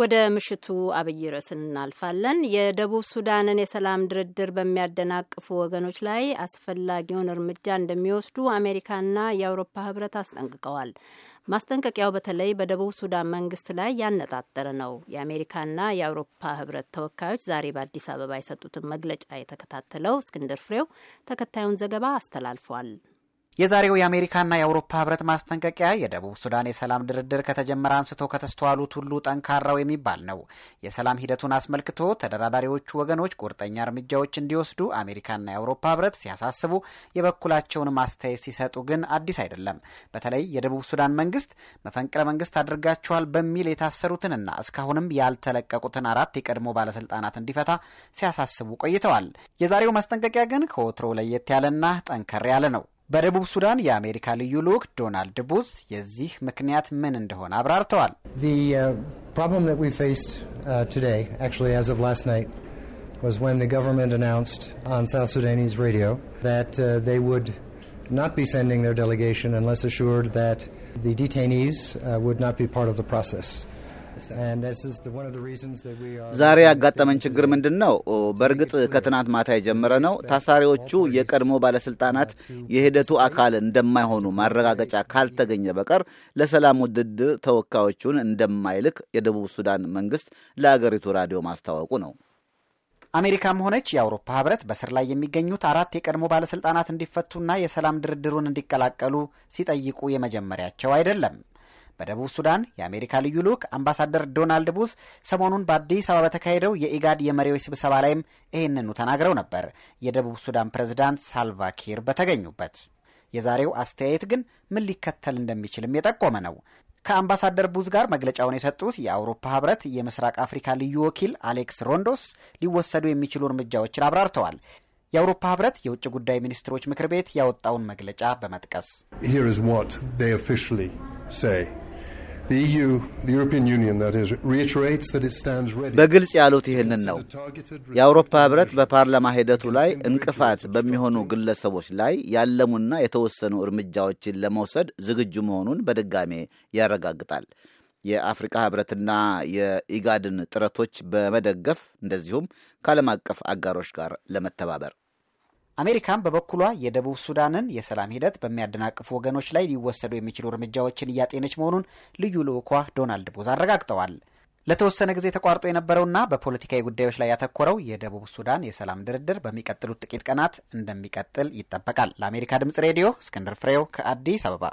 ወደ ምሽቱ አብይ ርዕስ እናልፋለን። የደቡብ ሱዳንን የሰላም ድርድር በሚያደናቅፉ ወገኖች ላይ አስፈላጊውን እርምጃ እንደሚወስዱ አሜሪካና የአውሮፓ ህብረት አስጠንቅቀዋል። ማስጠንቀቂያው በተለይ በደቡብ ሱዳን መንግስት ላይ ያነጣጠረ ነው። የአሜሪካና የአውሮፓ ህብረት ተወካዮች ዛሬ በአዲስ አበባ የሰጡትን መግለጫ የተከታተለው እስክንድር ፍሬው ተከታዩን ዘገባ አስተላልፏል። የዛሬው የአሜሪካና የአውሮፓ ህብረት ማስጠንቀቂያ የደቡብ ሱዳን የሰላም ድርድር ከተጀመረ አንስቶ ከተስተዋሉት ሁሉ ጠንካራው የሚባል ነው። የሰላም ሂደቱን አስመልክቶ ተደራዳሪዎቹ ወገኖች ቁርጠኛ እርምጃዎች እንዲወስዱ አሜሪካና የአውሮፓ ህብረት ሲያሳስቡ፣ የበኩላቸውን ማስተያየት ሲሰጡ ግን አዲስ አይደለም። በተለይ የደቡብ ሱዳን መንግስት መፈንቅለ መንግስት አድርጋቸዋል በሚል የታሰሩትንና እስካሁንም ያልተለቀቁትን አራት የቀድሞ ባለስልጣናት እንዲፈታ ሲያሳስቡ ቆይተዋል። የዛሬው ማስጠንቀቂያ ግን ከወትሮ ለየት ያለና ጠንከር ያለ ነው። በደቡብ ሱዳን የአሜሪካ ልዩ ልዑክ ዶናልድ ቡዝ የዚህ ምክንያት ምን እንደሆነ አብራርተዋል። uh, uh, was when the government announced on South Sudanese radio that uh, they would not be sending their delegation unless assured that the detainees uh, would not be part of the process. ዛሬ ያጋጠመን ችግር ምንድን ነው? በእርግጥ ከትናንት ማታ የጀመረ ነው። ታሳሪዎቹ የቀድሞ ባለስልጣናት uh, የሂደቱ አካል እንደማይሆኑ ማረጋገጫ ካልተገኘ በቀር ለሰላም ውድድር ተወካዮቹን እንደማይልክ የደቡብ ሱዳን መንግስት ለአገሪቱ ራዲዮ ማስታወቁ ነው። አሜሪካም ሆነች የአውሮፓ ህብረት በስር ላይ የሚገኙት አራት የቀድሞ ባለስልጣናት እንዲፈቱና የሰላም ድርድሩን እንዲቀላቀሉ ሲጠይቁ የመጀመሪያቸው አይደለም። በደቡብ ሱዳን የአሜሪካ ልዩ ልዑክ አምባሳደር ዶናልድ ቡስ ሰሞኑን በአዲስ አበባ በተካሄደው የኢጋድ የመሪዎች ስብሰባ ላይም ይህንኑ ተናግረው ነበር። የደቡብ ሱዳን ፕሬዝዳንት ሳልቫኪር በተገኙበት። የዛሬው አስተያየት ግን ምን ሊከተል እንደሚችልም የጠቆመ ነው። ከአምባሳደር ቡዝ ጋር መግለጫውን የሰጡት የአውሮፓ ህብረት የምስራቅ አፍሪካ ልዩ ወኪል አሌክስ ሮንዶስ ሊወሰዱ የሚችሉ እርምጃዎችን አብራርተዋል። የአውሮፓ ህብረት የውጭ ጉዳይ ሚኒስትሮች ምክር ቤት ያወጣውን መግለጫ በመጥቀስ E በግልጽ ያሉት ይህንን ነው። የአውሮፓ ህብረት በፓርላማ ሂደቱ ላይ እንቅፋት በሚሆኑ ግለሰቦች ላይ ያለሙና የተወሰኑ እርምጃዎችን ለመውሰድ ዝግጁ መሆኑን በድጋሜ ያረጋግጣል። የአፍሪካ ህብረትና የኢጋድን ጥረቶች በመደገፍ እንደዚሁም ከዓለም አቀፍ አጋሮች ጋር ለመተባበር አሜሪካም በበኩሏ የደቡብ ሱዳንን የሰላም ሂደት በሚያደናቅፉ ወገኖች ላይ ሊወሰዱ የሚችሉ እርምጃዎችን እያጤነች መሆኑን ልዩ ልዑኳ ዶናልድ ቦዝ አረጋግጠዋል። ለተወሰነ ጊዜ ተቋርጦ የነበረውና በፖለቲካዊ ጉዳዮች ላይ ያተኮረው የደቡብ ሱዳን የሰላም ድርድር በሚቀጥሉት ጥቂት ቀናት እንደሚቀጥል ይጠበቃል። ለአሜሪካ ድምጽ ሬዲዮ እስክንድር ፍሬው ከአዲስ አበባ